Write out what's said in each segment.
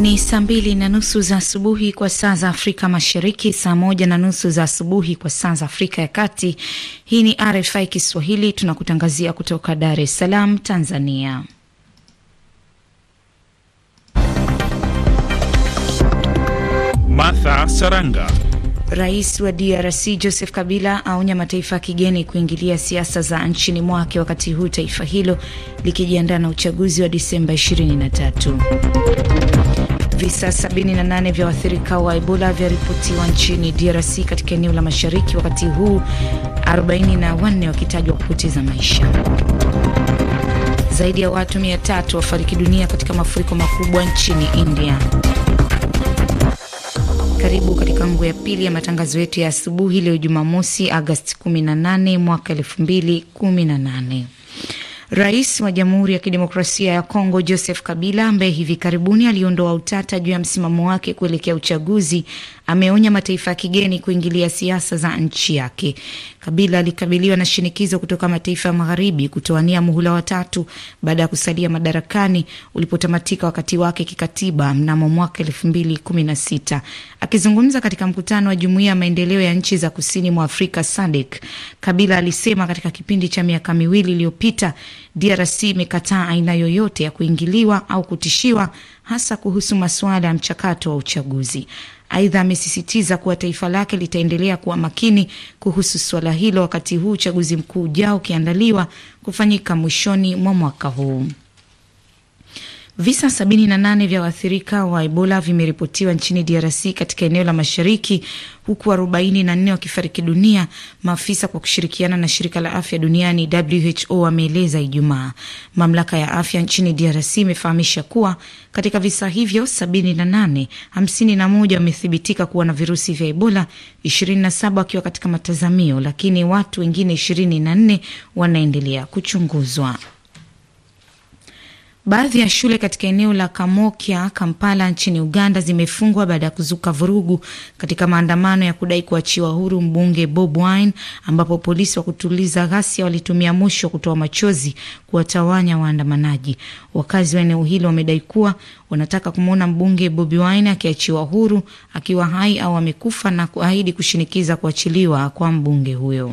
Ni saa mbili na nusu za asubuhi kwa saa za Afrika Mashariki, saa moja na nusu za asubuhi kwa saa za Afrika ya Kati. Hii ni RFI Kiswahili, tunakutangazia kutoka Dar es Salaam, Tanzania. Martha Saranga. Rais wa DRC Joseph Kabila aonya mataifa ya kigeni kuingilia siasa za nchini mwake, wakati huu taifa hilo likijiandaa na uchaguzi wa Disemba 23. Visa 78 vya waathirika wa Ebola vyaripotiwa nchini DRC katika eneo la mashariki, wakati huu 44 wakitajwa kupoteza maisha. Zaidi ya watu 300 wafariki dunia katika mafuriko makubwa nchini India. Karibu katika ngu ya pili ya matangazo yetu ya asubuhi leo Jumamosi, Agasti 18 mwaka 2018. Rais wa Jamhuri ya Kidemokrasia ya Kongo Joseph Kabila, ambaye hivi karibuni aliondoa utata juu ya msimamo wake kuelekea uchaguzi, ameonya mataifa ya kigeni kuingilia siasa za nchi yake. Kabila alikabiliwa na shinikizo kutoka mataifa ya magharibi kutoania muhula watatu baada ya kusalia madarakani ulipotamatika wakati wake kikatiba mnamo mwaka elfu mbili kumi na sita. Akizungumza katika mkutano wa jumuiya ya maendeleo ya nchi za kusini mwa Afrika SADC, Kabila alisema katika kipindi cha miaka miwili iliyopita DRC imekataa aina yoyote ya kuingiliwa au kutishiwa hasa kuhusu masuala ya mchakato wa uchaguzi. Aidha, amesisitiza kuwa taifa lake litaendelea kuwa makini kuhusu suala hilo wakati huu uchaguzi mkuu ujao ukiandaliwa kufanyika mwishoni mwa mwaka huu. Visa 78 vya waathirika wa Ebola vimeripotiwa nchini DRC katika eneo la mashariki, huku 44 wakifariki dunia, maafisa kwa kushirikiana na shirika la afya duniani WHO wameeleza Ijumaa. Mamlaka ya afya nchini DRC imefahamisha kuwa katika visa hivyo 78, 51 wamethibitika kuwa na virusi vya Ebola, 27 wakiwa katika matazamio, lakini watu wengine 24 wanaendelea kuchunguzwa. Baadhi ya shule katika eneo la Kamokya, Kampala nchini Uganda zimefungwa baada ya kuzuka vurugu katika maandamano ya kudai kuachiwa huru mbunge Bob Wine, ambapo polisi wa kutuliza ghasia walitumia moshi wa kutoa machozi kuwatawanya waandamanaji. Wakazi wa eneo hilo wamedai kuwa wanataka kumwona mbunge bob Wine akiachiwa huru akiwa hai au amekufa, na kuahidi kushinikiza kuachiliwa kwa mbunge huyo.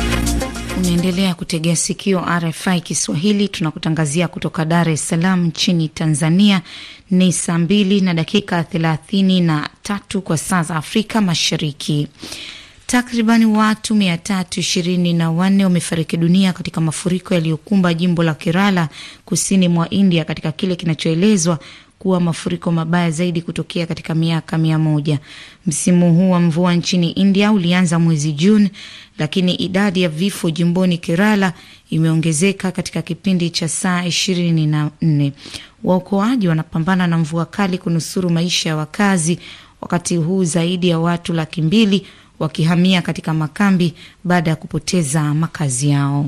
Unaendelea kutegea sikio RFI Kiswahili, tunakutangazia kutoka Dar es Salaam nchini Tanzania. Ni saa mbili na dakika thelathini na tatu kwa saa za Afrika Mashariki. Takribani watu mia tatu ishirini na wanne wamefariki dunia katika mafuriko yaliyokumba jimbo la Kerala kusini mwa India katika kile kinachoelezwa kuwa mafuriko mabaya zaidi kutokea katika miaka mia moja. Msimu huu wa mvua nchini India ulianza mwezi Juni, lakini idadi ya vifo jimboni Kerala imeongezeka katika kipindi cha saa ishirini na nne. Waokoaji wanapambana na mvua kali kunusuru maisha ya wakazi, wakati huu zaidi ya watu laki mbili wakihamia katika makambi baada ya kupoteza makazi yao.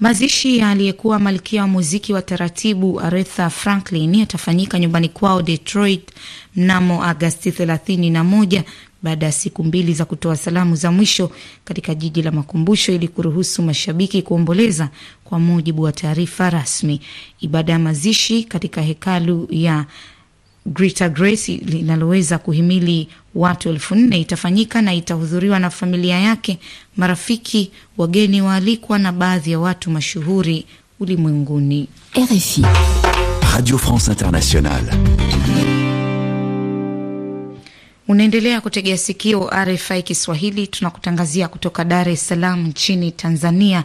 Mazishi ya aliyekuwa malkia wa muziki wa taratibu Aretha Franklin yatafanyika nyumbani kwao Detroit mnamo Agasti 31 baada ya siku mbili za kutoa salamu za mwisho katika jiji la makumbusho ili kuruhusu mashabiki kuomboleza. Kwa mujibu wa taarifa rasmi, ibada ya mazishi katika hekalu ya Grita Grace linaloweza kuhimili watu elfu nne itafanyika na itahudhuriwa na familia yake, marafiki, wageni waalikwa na baadhi ya watu mashuhuri ulimwenguni. RFI, Radio France Internationale. Unaendelea kutegea sikio RFI Kiswahili, tunakutangazia kutoka Dar es Salaam nchini Tanzania.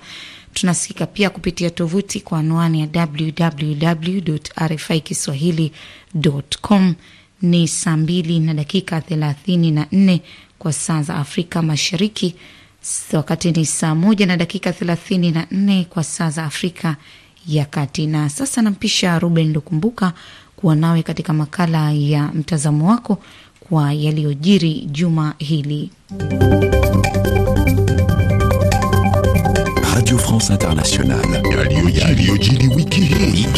Tunasikika pia kupitia tovuti kwa anwani ya www RFI kiswahilicom. Ni saa mbili na dakika 34 kwa saa za Afrika Mashariki, wakati ni saa moja na dakika 34 kwa saa za Afrika ya Kati. Na sasa nampisha Ruben Lukumbuka kuwa nawe katika makala ya mtazamo wako kwa yaliyojiri juma hili. France Internationale. Yaliyojiri wiki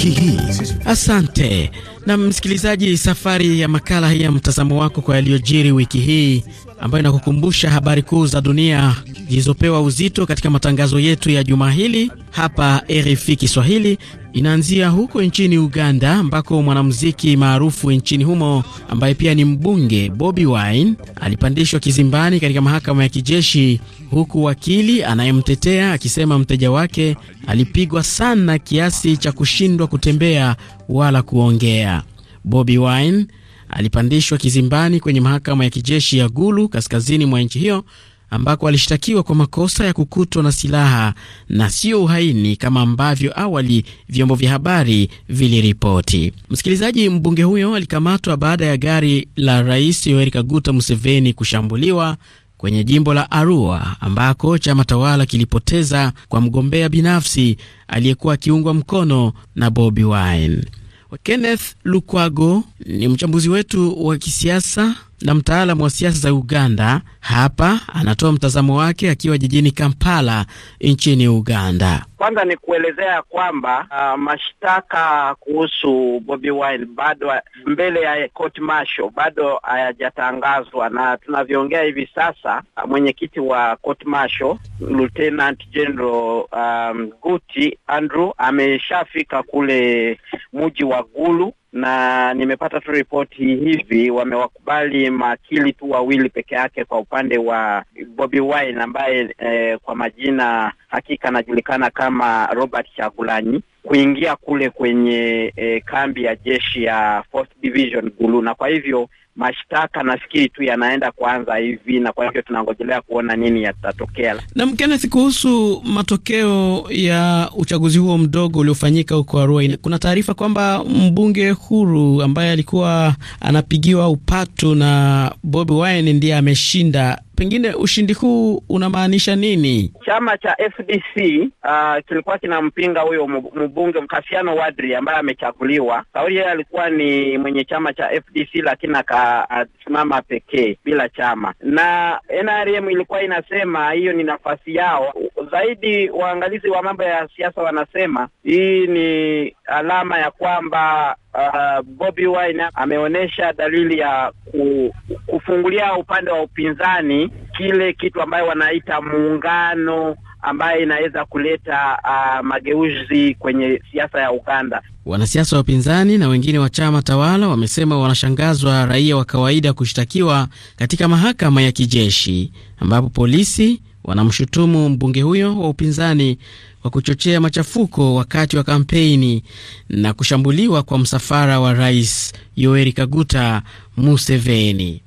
hii. Asante. Na msikilizaji, safari ya makala hii ya mtazamo wako kwa yaliyojiri wiki hii ambayo inakukumbusha habari kuu za dunia zilizopewa uzito katika matangazo yetu ya juma hili hapa RFI Kiswahili inaanzia huko nchini Uganda ambako mwanamuziki maarufu nchini humo ambaye pia ni mbunge Bobi Wine alipandishwa kizimbani katika mahakama ya kijeshi, huku wakili anayemtetea akisema mteja wake alipigwa sana kiasi cha kushindwa kutembea wala kuongea. Bobi Wine alipandishwa kizimbani kwenye mahakama ya kijeshi ya Gulu kaskazini mwa nchi hiyo ambako alishtakiwa kwa makosa ya kukutwa na silaha na sio uhaini kama ambavyo awali vyombo vya habari viliripoti. Msikilizaji, mbunge huyo alikamatwa baada ya gari la Rais Yoweri Kaguta Museveni kushambuliwa kwenye jimbo la Arua ambako chama tawala kilipoteza kwa mgombea binafsi aliyekuwa akiungwa mkono na Bobi Wine. Kenneth Lukwago ni mchambuzi wetu wa kisiasa na mtaalam wa siasa za Uganda. Hapa anatoa mtazamo wake akiwa jijini Kampala nchini Uganda. Kwanza ni kuelezea kwamba uh, mashtaka kuhusu Bobi Wine bado mbele ya court martial bado hayajatangazwa, na tunavyoongea hivi sasa uh, mwenyekiti wa court martial Lieutenant General um, Guti Andrew ameshafika kule mji wa Gulu na nimepata tu ripoti hivi, wamewakubali maakili tu wawili peke yake kwa upande wa Bobi Wine ambaye eh, kwa majina hakika anajulikana kama Robert Chagulanyi kuingia kule kwenye eh, kambi ya jeshi ya Fourth Division Gulu, na kwa hivyo mashtaka nafikiri tu yanaenda kuanza hivi, na kwa hivyo tunangojelea kuona nini yatatokea. Na Kenneth, kuhusu matokeo ya uchaguzi huo mdogo uliofanyika huko Arua, kuna taarifa kwamba mbunge huru ambaye alikuwa anapigiwa upatu na Bobi Wine ndiye ameshinda. Pengine ushindi huu unamaanisha nini? Chama cha FDC uh, ah, kilikuwa kinampinga huyo mbunge Kasiano Wadri ambaye amechaguliwa. Kauli yeye alikuwa ni mwenye chama cha FDC, lakini akasimama pekee bila chama, na NRM ilikuwa inasema hiyo ni nafasi yao zaidi waangalizi wa mambo ya siasa wanasema hii ni alama ya kwamba uh, Bobi Wine ameonyesha dalili ya ku, kufungulia upande wa upinzani kile kitu ambayo wanaita muungano ambaye inaweza kuleta uh, mageuzi kwenye siasa ya Uganda. Wanasiasa wa upinzani na wengine wa chama tawala wamesema wanashangazwa raia wa kawaida kushtakiwa katika mahakama ya kijeshi ambapo polisi wanamshutumu mbunge huyo wa upinzani kwa kuchochea machafuko wakati wa kampeni na kushambuliwa kwa msafara wa Rais Yoweri Kaguta Museveni.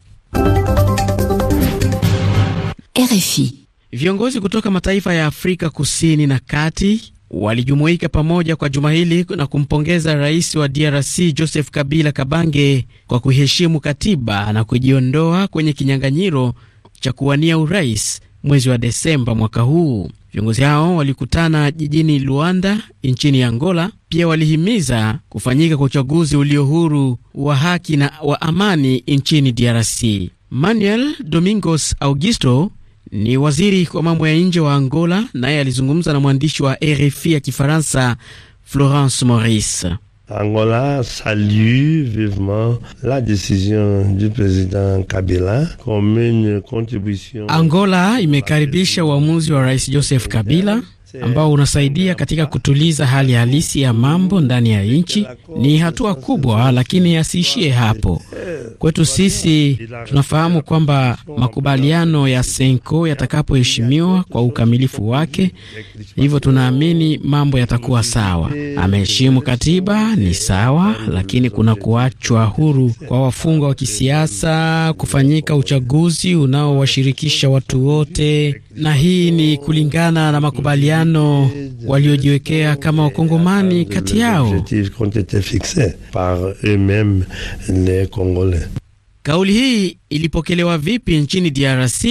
RFI. Viongozi kutoka mataifa ya Afrika Kusini na Kati walijumuika pamoja kwa juma hili na kumpongeza rais wa DRC Joseph Kabila Kabange kwa kuheshimu katiba na kujiondoa kwenye kinyang'anyiro cha kuwania urais mwezi wa Desemba mwaka huu. Viongozi hao walikutana jijini Luanda nchini Angola. Pia walihimiza kufanyika kwa uchaguzi ulio huru wa haki na wa amani nchini DRC. Manuel Domingos Augusto ni waziri wa mambo ya nje wa Angola, naye alizungumza na mwandishi wa RFI ya Kifaransa Florence Maurice. Angola salue vivement la décision du président Kabila comme une contribution. Angola imekaribisha uamuzi wa Rais Joseph Kabila ambao unasaidia katika kutuliza hali halisi ya mambo ndani ya nchi. Ni hatua kubwa, lakini yasiishie hapo. Kwetu sisi, tunafahamu kwamba makubaliano ya Senko yatakapoheshimiwa kwa ukamilifu wake, hivyo tunaamini mambo yatakuwa sawa. Ameheshimu katiba ni sawa, lakini kuna kuachwa huru kwa wafungwa wa kisiasa, kufanyika uchaguzi unaowashirikisha watu wote na hii ni kulingana na makubaliano waliojiwekea kama wakongomani kati yao. Kauli hii ilipokelewa vipi nchini DRC?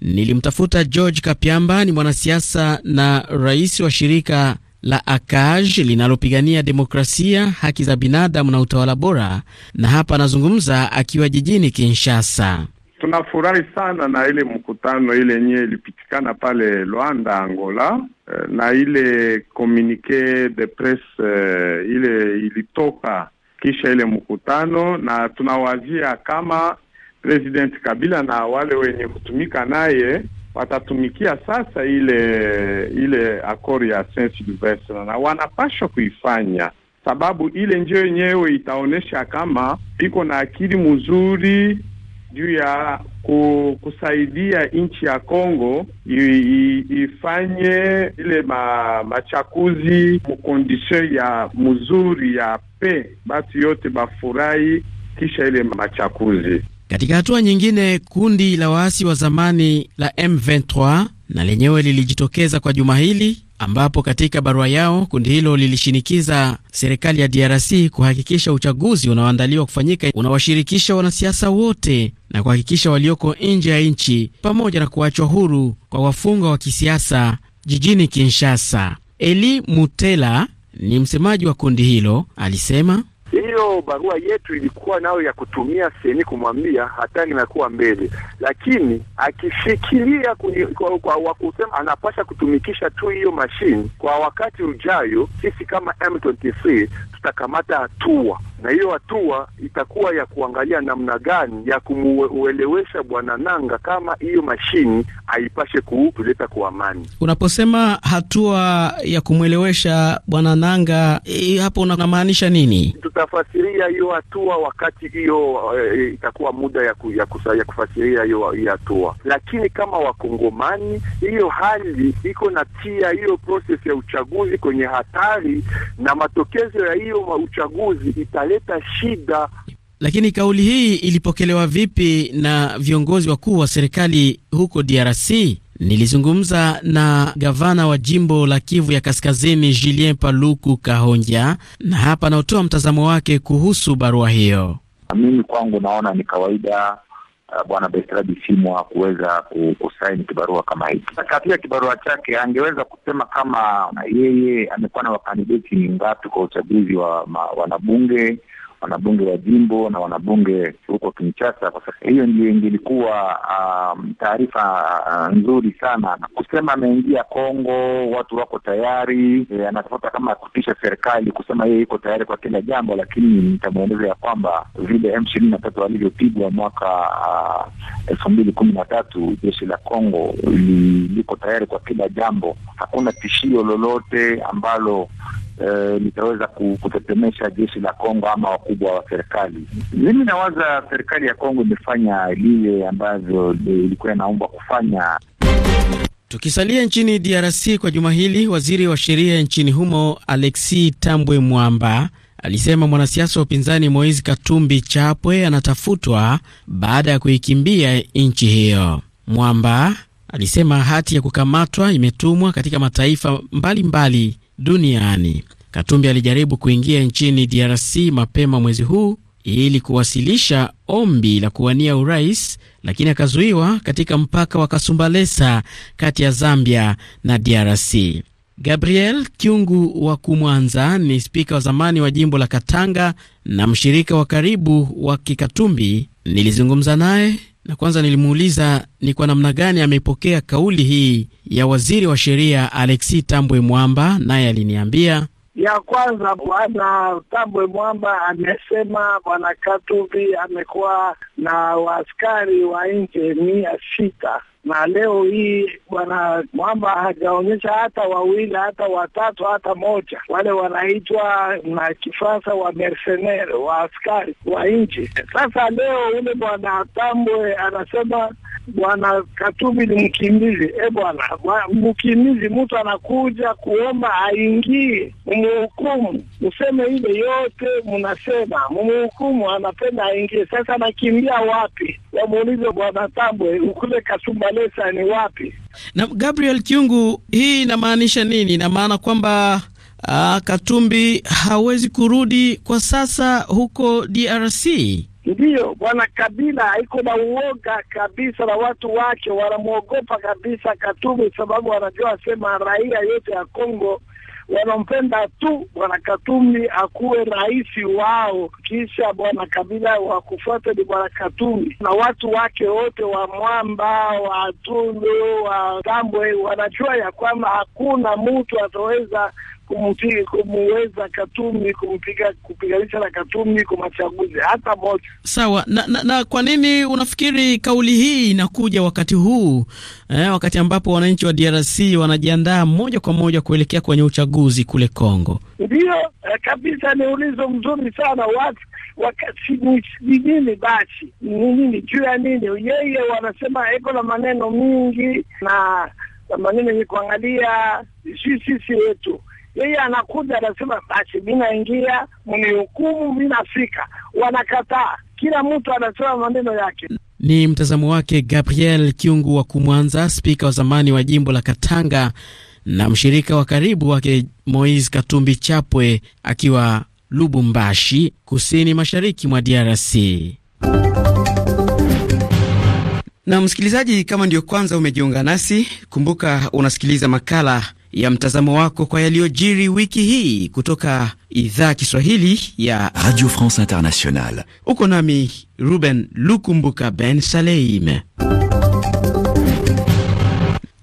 Nilimtafuta George Kapiamba, ni mwanasiasa na rais wa shirika la ACAJ linalopigania demokrasia, haki za binadamu na utawala bora, na hapa anazungumza akiwa jijini Kinshasa. Tunafurahi sana na ile mkutano ile yenyewe ilipitikana pale Luanda, Angola, eh, na ile communique de presse eh, ile ilitoka kisha ile mkutano, na tunawazia kama President Kabila na wale wenye kutumika naye watatumikia sasa ile ile akori ya Saint Sylvestre, na wanapashwa kuifanya sababu ile njio yenyewe itaonyesha kama iko na akili mzuri juu ya kusaidia nchi ya Kongo ifanye ile ma, machakuzi mukondisio ya mzuri ya pe batu yote bafurahi kisha ile machakuzi katika hatua nyingine, kundi la waasi wa zamani la M23 na lenyewe lilijitokeza kwa juma hili, ambapo katika barua yao kundi hilo lilishinikiza serikali ya DRC kuhakikisha uchaguzi unaoandaliwa kufanyika unawashirikisha wanasiasa wote na kuhakikisha walioko nje ya nchi pamoja na kuachwa huru kwa wafungwa wa kisiasa jijini Kinshasa. Eli Mutela ni msemaji wa kundi hilo, alisema hiyo barua yetu ilikuwa nayo ya kutumia seni kumwambia hatari inakuwa mbele, lakini akifikiria kwa, kwa wakusema anapasha kutumikisha tu hiyo mashini kwa wakati ujayo, sisi kama M23 tutakamata hatua na hiyo hatua itakuwa ya kuangalia namna gani ya kumuelewesha bwana Nanga kama hiyo mashini haipashe kutuleta kwa amani. Unaposema hatua ya kumwelewesha bwana Nanga e, hapo unamaanisha nini? Tutafasiria hiyo hatua wakati hiyo e, itakuwa muda ya, ku, ya, kusa, ya kufasiria hiyo hatua, lakini kama wakongomani hiyo hali iko na tia hiyo process ya uchaguzi kwenye hatari na matokezo ya hiyo uchaguzi ita inaleta shida. Lakini kauli hii ilipokelewa vipi na viongozi wakuu wa serikali huko DRC? Nilizungumza na gavana wa jimbo la Kivu ya Kaskazini, Julien Paluku Kahonja, na hapa anaotoa mtazamo wake kuhusu barua hiyo. Mimi kwangu naona ni kawaida Uh, bwana Bertrand simwa kuweza kusaini kibarua kama hiki. Katika kibarua chake angeweza kusema kama yeye amekuwa na wakandideti ngapi kwa uchaguzi wa wanabunge wanabunge wa jimbo na wanabunge huko Kinshasa. Kwa sasa hiyo ndio ingilikuwa um, taarifa uh, nzuri sana na kusema ameingia Kongo, watu wako tayari e, anatafuta kama kutisha serikali kusema yeye iko tayari kwa kila jambo, lakini nitamweleza ya kwamba vile M ishirini na tatu alivyopigwa mwaka uh, elfu uh, mbili kumi na tatu jeshi la Kongo liko tayari kwa kila jambo. Hakuna tishio lolote ambalo eh, litaweza kutetemesha jeshi la Kongo ama wakubwa wa serikali. Mimi nawaza serikali ya Kongo imefanya lile ambavyo eh, ilikuwa inaombwa kufanya. Tukisalia nchini DRC kwa juma hili, waziri wa sheria nchini humo Alexi Tambwe Mwamba alisema mwanasiasa wa upinzani Moise Katumbi Chapwe anatafutwa baada ya kuikimbia nchi hiyo. Mwamba alisema hati ya kukamatwa imetumwa katika mataifa mbalimbali mbali duniani. Katumbi alijaribu kuingia nchini DRC mapema mwezi huu ili kuwasilisha ombi la kuwania urais, lakini akazuiwa katika mpaka wa Kasumbalesa kati ya Zambia na DRC. Gabriel Kyungu wa Kumwanza ni spika wa zamani wa jimbo la Katanga na mshirika wa karibu wa Kikatumbi. Nilizungumza naye na kwanza nilimuuliza ni kwa namna gani amepokea kauli hii ya waziri wa sheria Alexi Tambwe Mwamba, naye aliniambia ya kwanza, Bwana Tambwe Mwamba amesema Bwana Katubi amekuwa na waaskari wa nje mia sita na leo hii bwana Mwamba hajaonyesha hata wawili hata watatu hata moja. Wale wanaitwa na kifasa wa mercenaire wa askari wa nchi. Sasa leo ule bwana Tambwe anasema Bwana Katubi ni mkimbizi. E bwana, mkimbizi mtu anakuja kuomba aingie, mumuhukumu useme ile yote mnasema, mumuhukumu anapenda aingie. Sasa anakimbia wapi? Wamuulize bwana Tambwe ukule Kasumbalesa ni wapi? Na Gabriel Kiungu, hii inamaanisha nini? Ina maana kwamba Aa, ah, Katumbi hawezi kurudi kwa sasa huko DRC. Ndiyo, bwana Kabila haiko na uoga kabisa, na watu wake wanamwogopa kabisa Katumbi, sababu wanajua asema raia yote ya Kongo wanampenda tu bwana Katumbi akuwe rais wao, kisha bwana Kabila wakufuata ni bwana Katumbi na watu wake wote wa Mwamba, wa tundu wa Tambwe wanajua ya kwamba hakuna mtu ataweza kumpiga kumuweza Katumi kumpiga kupiganisha na katumi kwa machaguzi hata moja. Sawa na, na, na kwa nini unafikiri kauli hii inakuja wakati huu eh, wakati ambapo wananchi wa DRC wanajiandaa moja kwa moja kuelekea kwenye uchaguzi kule Kongo? Ndiyo eh, kabisa, ni ulizo mzuri sana watu ni nini basi, ni nini juu ya nini? Yeye wanasema eko na maneno mingi na maneno yenye kuangalia sisi wetu yeye anakuja anasema, basi mi naingia, mnihukumu, mi nafika. Wanakataa, kila mtu anasema maneno yake. Ni mtazamo wake Gabriel Kiungu wa Kumwanza, spika wa zamani wa jimbo la Katanga na mshirika wa karibu wake Moise Katumbi Chapwe akiwa Lubumbashi, kusini mashariki mwa DRC. Na msikilizaji, kama ndiyo kwanza umejiunga nasi, kumbuka unasikiliza makala ya mtazamo wako kwa yaliyojiri wiki hii kutoka idhaa Kiswahili ya Radio France Internationale. Uko nami Ruben Lukumbuka Ben Saleim.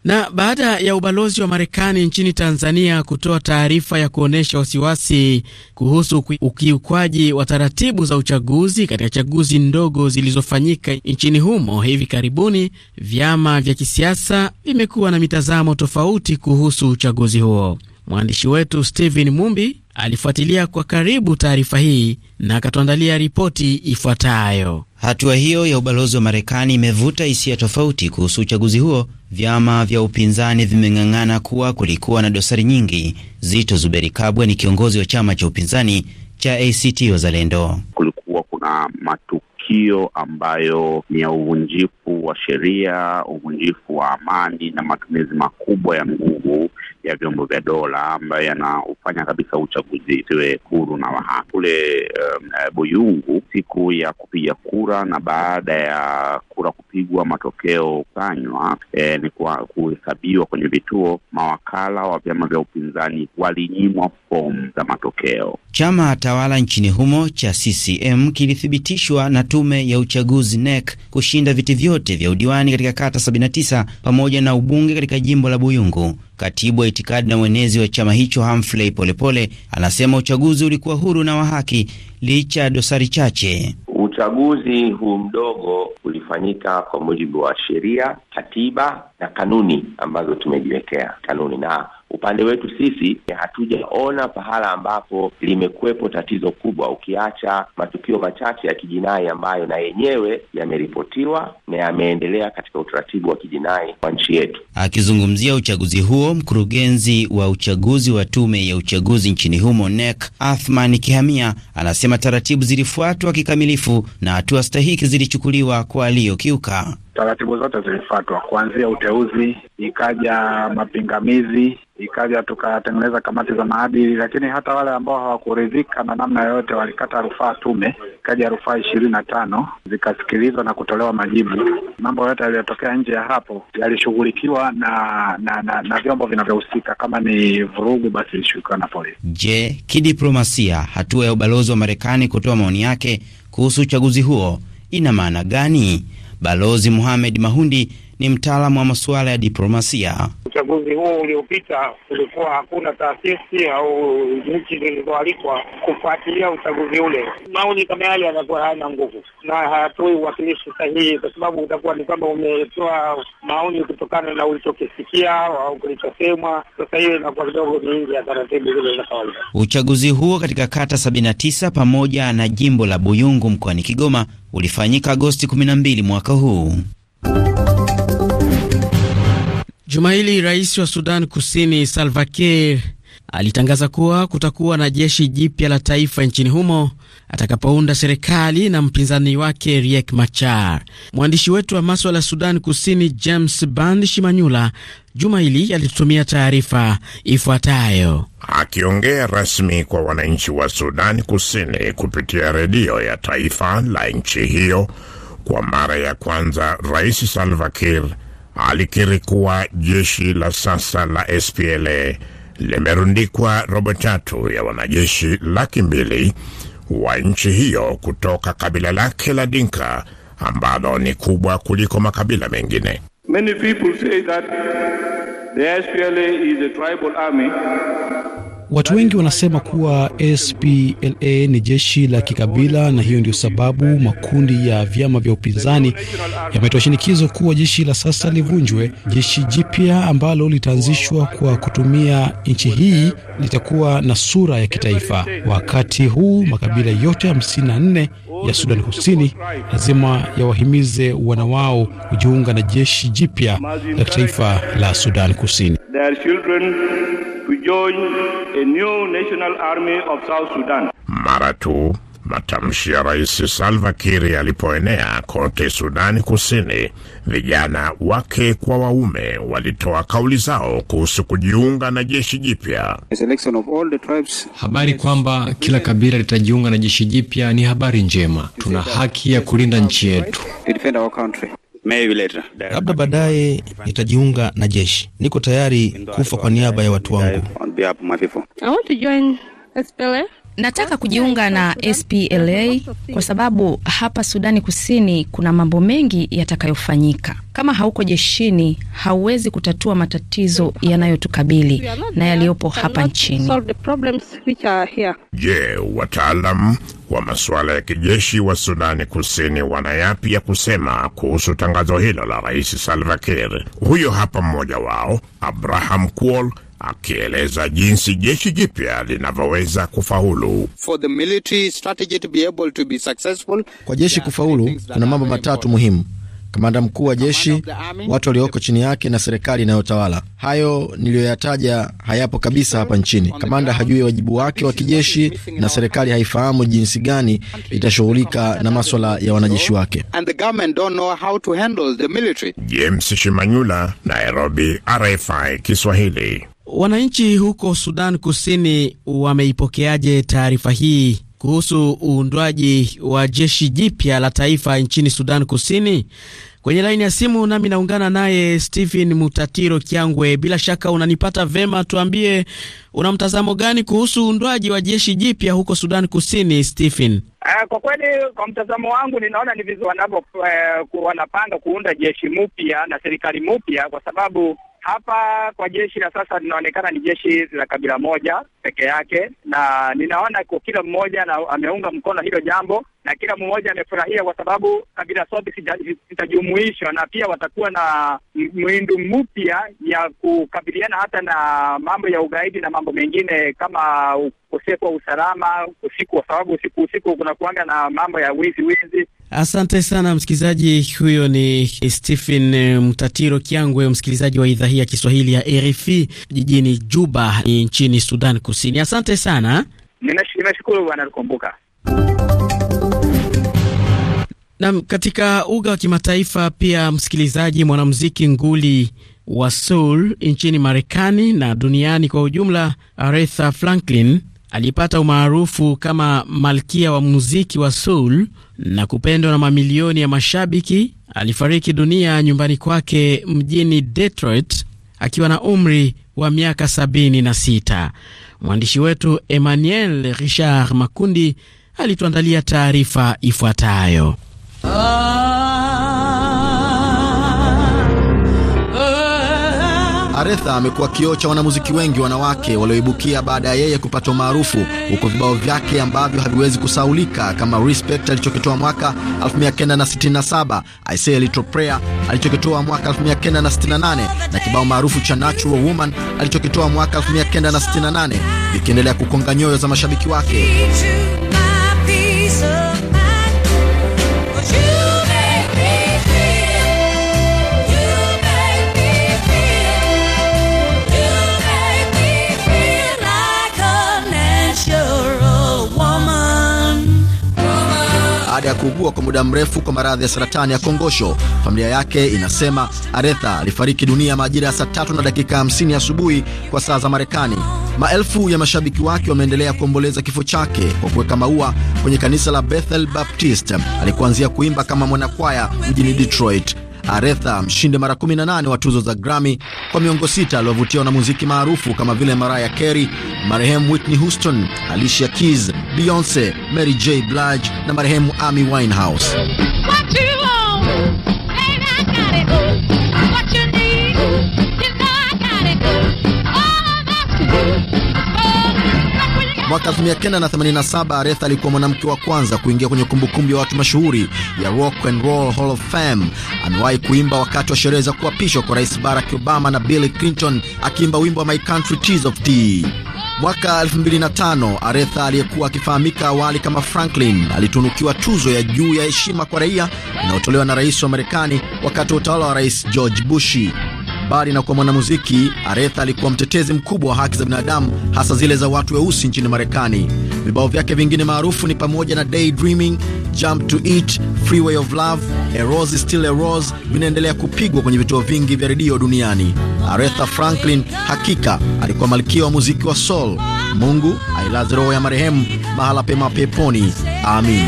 Na baada ya ubalozi wa Marekani nchini Tanzania kutoa taarifa ya kuonyesha wasiwasi kuhusu ukiukwaji wa taratibu za uchaguzi katika chaguzi ndogo zilizofanyika nchini humo hivi karibuni, vyama vya kisiasa vimekuwa na mitazamo tofauti kuhusu uchaguzi huo. Mwandishi wetu stehen Mumbi alifuatilia kwa karibu taarifa hii na akatuandalia ripoti ifuatayo. Hatua hiyo ya ubalozi wa Marekani imevuta hisia tofauti kuhusu uchaguzi huo. Vyama vya upinzani vimeng'ang'ana kuwa kulikuwa na dosari nyingi. Zito Zuberi Kabwe ni kiongozi wa chama cha upinzani cha ACT Wazalendo. Kulikuwa kuna matukio ambayo ni ya uvunjifu wa sheria, uvunjifu wa amani na matumizi makubwa ya nguvu ya vyombo vya dola ambayo yanaufanya kabisa uchaguzi usiwe huru na waha Kule um, Buyungu, siku ya kupiga kura na baada ya kura kupigwa, matokeo kufanywa e, ni kwa kuhesabiwa kwenye vituo, mawakala wa vyama vya upinzani walinyimwa fomu za matokeo. Chama tawala nchini humo cha CCM kilithibitishwa na tume ya uchaguzi NEC kushinda viti vyote vya udiwani katika kata 79 pamoja na ubunge katika jimbo la Buyungu. Katibu wa itikadi na mwenezi wa chama hicho Humphrey Polepole anasema uchaguzi ulikuwa huru na wa haki licha ya dosari chache. Uchaguzi huu mdogo ulifanyika kwa mujibu wa sheria, katiba na kanuni ambazo tumejiwekea kanuni na Upande wetu sisi hatujaona pahala ambapo limekuwepo tatizo kubwa, ukiacha matukio machache ya kijinai ambayo na yenyewe yameripotiwa na yameendelea katika utaratibu wa kijinai kwa nchi yetu. Akizungumzia uchaguzi huo, mkurugenzi wa uchaguzi wa tume ya uchaguzi nchini humo NEC Athman Kihamia anasema taratibu zilifuatwa kikamilifu na hatua stahiki zilichukuliwa kwa aliyokiuka taratibu zote zilifuatwa, kuanzia uteuzi, ikaja mapingamizi, ikaja tukatengeneza kamati za maadili, lakini hata wale ambao hawakuridhika na namna yoyote walikata rufaa tume. Ikaja rufaa ishirini na tano zikasikilizwa na kutolewa majibu. Mambo yote yaliyotokea nje ya hapo yalishughulikiwa na na, na, na vyombo vinavyohusika. Kama ni vurugu, basi ilishughulikiwa na polisi. Je, kidiplomasia, hatua ya ubalozi wa Marekani kutoa maoni yake kuhusu uchaguzi huo ina maana gani? Balozi Mohamed Mahundi ni mtaalamu wa masuala ya diplomasia. Uchaguzi huu uliopita ulikuwa hakuna taasisi au nchi zilizoalikwa kufuatilia uchaguzi ule. Maoni kama yale yanakuwa hayana nguvu na hayatoi uwakilishi sahihi, kwa sababu utakuwa ni kwamba umetoa maoni kutokana na ulichokisikia au kilichosemwa. Sasa hiyo inakuwa kidogo ni nje ya taratibu zile za kawaida. Uchaguzi huo katika kata sabini na tisa pamoja na jimbo la Buyungu mkoani Kigoma ulifanyika Agosti kumi na mbili mwaka huu. Juma hili rais wa Sudan Kusini Salva Kiir alitangaza kuwa kutakuwa na jeshi jipya la taifa nchini humo atakapounda serikali na mpinzani wake Riek Machar. Mwandishi wetu wa maswala ya Sudan Kusini James Band Shimanyula juma hili alitutumia taarifa ifuatayo. Akiongea rasmi kwa wananchi wa Sudan Kusini kupitia redio ya taifa la nchi hiyo, kwa mara ya kwanza Rais Salva Kiir alikiri kuwa jeshi la sasa la SPLA limerundikwa robo tatu ya wanajeshi laki mbili wa nchi hiyo kutoka kabila lake la Dinka ambalo ni kubwa kuliko makabila mengine. Many people say that the SPLA is a tribal army Watu wengi wanasema kuwa SPLA ni jeshi la kikabila, na hiyo ndio sababu makundi ya vyama vya upinzani yametoa shinikizo kuwa jeshi la sasa livunjwe. Jeshi jipya ambalo litaanzishwa kwa kutumia nchi hii litakuwa na sura ya kitaifa. Wakati huu makabila yote 54 ya Sudani Kusini lazima yawahimize wana wao kujiunga na jeshi jipya la kitaifa la Sudani Kusini. Mara tu Matamshi ya Rais Salva Kiir yalipoenea kote Sudani Kusini, vijana wake kwa waume walitoa kauli zao kuhusu kujiunga na jeshi jipya. Habari kwamba kila kabila litajiunga na jeshi jipya ni habari njema. Tuna haki ya kulinda nchi yetu. Labda baadaye nitajiunga na jeshi. Niko tayari kufa kwa niaba ya watu wangu. Nataka kujiunga na SPLA kwa sababu hapa Sudani Kusini kuna mambo mengi yatakayofanyika. Kama hauko jeshini, hauwezi kutatua matatizo yanayotukabili na yaliyopo hapa nchini. Je, wataalam wa masuala ya kijeshi wa Sudani Kusini wana yapi ya kusema kuhusu tangazo hilo la Rais Salva Kiir? Huyo hapa mmoja wao, Abraham Kuol akieleza jinsi jeshi jipya linavyoweza kufaulu. For the military strategy to be able to be successful, kwa jeshi kufaulu kuna mambo matatu muhimu: kamanda mkuu wa jeshi, watu walioko chini yake na serikali inayotawala. Hayo niliyoyataja hayapo kabisa hapa nchini. Kamanda hajui wajibu wake wa kijeshi na serikali haifahamu jinsi gani itashughulika na maswala ya wanajeshi wake. James Shimanyula, Nairobi, RFI Kiswahili. Wananchi huko Sudan Kusini wameipokeaje taarifa hii kuhusu uundwaji wa jeshi jipya la taifa nchini Sudan Kusini? Kwenye laini ya simu nami naungana naye Stephen Mutatiro Kyangwe. Bila shaka unanipata vema, tuambie una mtazamo gani kuhusu uundwaji wa jeshi jipya huko Sudan Kusini, Stephen? Uh, kwa kweli kwa mtazamo wangu ninaona ni vizuri wanavyo, uh, wanapanga kuunda jeshi mpya na serikali mpya, kwa sababu hapa kwa jeshi la sasa linaonekana ni jeshi la kabila moja peke yake, na ninaona kwa kila mmoja na ameunga mkono hilo jambo, na kila mmoja amefurahia kwa sababu kabila zote zitajumuishwa, na pia watakuwa na mwindu mpya ya kukabiliana hata na mambo ya ugaidi na mambo mengine kama ukosefu wa usalama usiku, kwa sababu usiku usiku kuna kuanga na mambo ya wizi wizi Asante sana msikilizaji. Huyo ni Stephen eh, Mtatiro Kiangwe, msikilizaji wa idhaa hii ya Kiswahili ya RFI jijini Juba eh, nchini Sudan Kusini. Asante sana, nimeshukuru bwana Kumbuka. Nam, katika uga wa kimataifa pia, msikilizaji, mwanamuziki nguli wa soul nchini Marekani na duniani kwa ujumla, Aretha Franklin alipata umaarufu kama malkia wa muziki wa soul na kupendwa na mamilioni ya mashabiki, alifariki dunia nyumbani kwake mjini Detroit akiwa na umri wa miaka 76 Mwandishi wetu Emmanuel Richard Makundi alituandalia taarifa ifuatayo. Ah, Aretha amekuwa kioo cha wanamuziki wengi wanawake walioibukia baada ya yeye kupata umaarufu, huko vibao vyake ambavyo haviwezi kusaulika kama Respect alichokitoa mwaka 1967, I Say a Little Prayer alichokitoa mwaka 1968 na kibao maarufu cha Natural Woman alichokitoa mwaka 1968 vikiendelea kukonga nyoyo za mashabiki wake. baada ya kuugua kwa muda mrefu kwa maradhi ya saratani ya kongosho. Familia yake inasema Aretha alifariki dunia majira ya saa tatu na dakika 50 asubuhi kwa saa za Marekani. Maelfu ya mashabiki wake wameendelea kuomboleza kifo chake kwa kuweka maua kwenye kanisa la Bethel Baptist. Alikuanzia kuimba kama mwanakwaya mjini Detroit. Aretha, mshindi mara 18 wa tuzo za Grammy kwa miongo sita, aliovutiwa na muziki maarufu kama vile Mariah Carey, marehemu Whitney Houston, Alicia Keys, Beyonce, Mary J Blige na marehemu Amy Winehouse. Mwaka 1987 Aretha alikuwa mwanamke wa kwanza kuingia kwenye kumbukumbu ya watu mashuhuri ya Rock and Roll Hall of Fame. Amewahi kuimba wakati wa sherehe za kuapishwa kwa Rais Barack Obama na Bill Clinton akiimba wimbo wa My Country Tis of Tea. Mwaka 2005 Aretha aliyekuwa akifahamika awali kama Franklin alitunukiwa tuzo ya juu ya heshima kwa raia inayotolewa na rais wa Marekani wakati wa utawala wa Rais George Bushi habari na kuwa mwanamuziki, Aretha alikuwa mtetezi mkubwa wa haki za binadamu, hasa zile za watu weusi nchini Marekani. Vibao vyake vingine maarufu ni pamoja na Daydreaming, Jump to It, Freeway of Love, A Rose is Still a Rose vinaendelea kupigwa kwenye vituo vingi vya redio duniani. Aretha Franklin hakika alikuwa malkia wa muziki wa soul. Mungu ailaze roho ya marehemu mahala pema peponi, amin.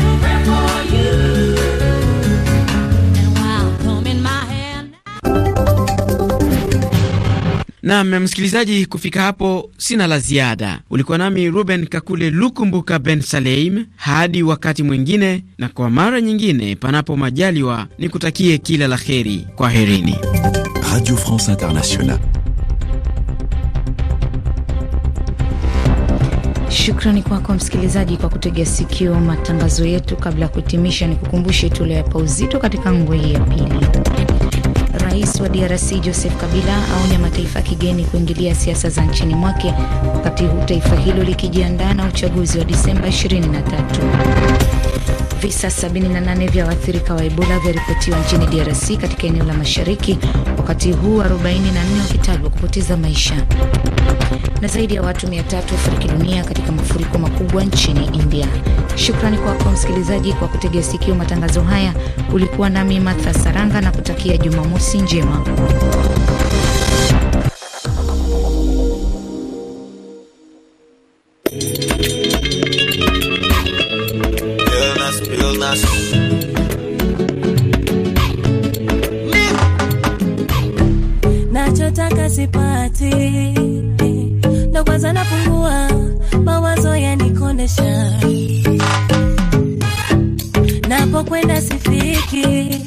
Nam msikilizaji, kufika hapo sina la ziada. Ulikuwa nami Ruben Kakule Lukumbuka Ben Saleim, hadi wakati mwingine, na kwa mara nyingine, panapo majaliwa, nikutakie kila la heri. Kwa herini. Radio France Internationale. Shukrani kwako msikilizaji kwa kutegea sikio matangazo yetu. Kabla ya kuhitimisha, ni kukumbushe tulioyapa uzito katika ngwe hii ya pili Rais wa DRC Joseph Kabila aonya mataifa ya kigeni kuingilia siasa za nchini mwake, wakati huu taifa hilo likijiandaa na uchaguzi wa Disemba 23. Visa 78 vya waathirika wa Ebola vyaripotiwa nchini DRC katika eneo la mashariki, wakati huu 44 wakitajwa kupoteza maisha na zaidi ya watu 300 fariki dunia katika mafuriko makubwa nchini India. Shukrani kwako msikilizaji kwa kutegea sikio matangazo haya. Ulikuwa nami Martha Saranga na kutakia Jumamosi njema. Nachotaka sipati mawazo napungua, mawazo yanikondesha, napokwenda sifiki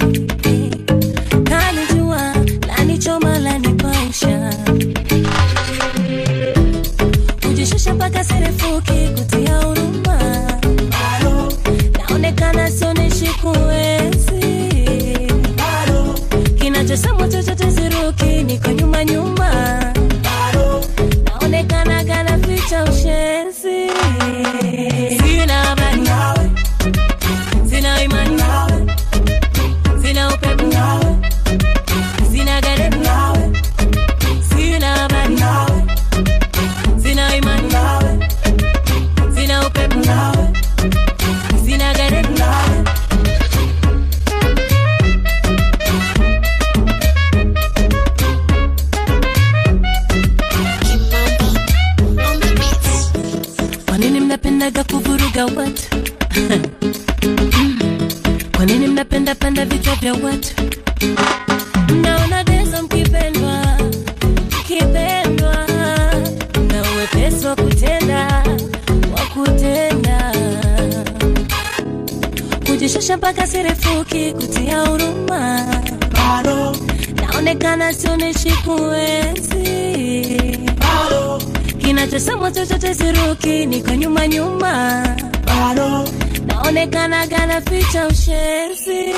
kirefu kikutia huruma, bado naonekana sionyeshi kuenzi, bado kinachosemwa chochote siruki, niko nyuma nyuma, bado naonekana gana ficha ushezi,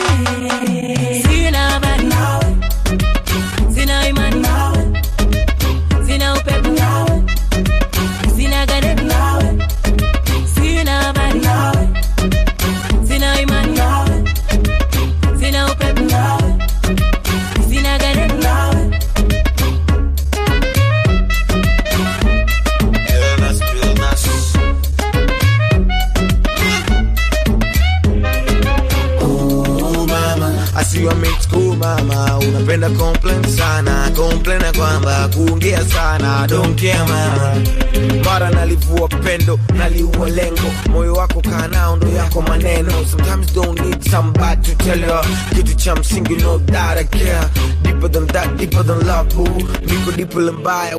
sina imani nawe, sina imani nawe April mbaya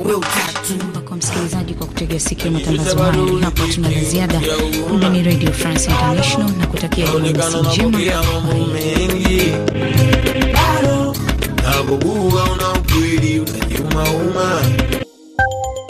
kwa msikilizaji kwa kutegea sikio matangazo haya. Hapa tuna la ziada. Muda ni Radio France International na kutakia Jumamosi njema. Bado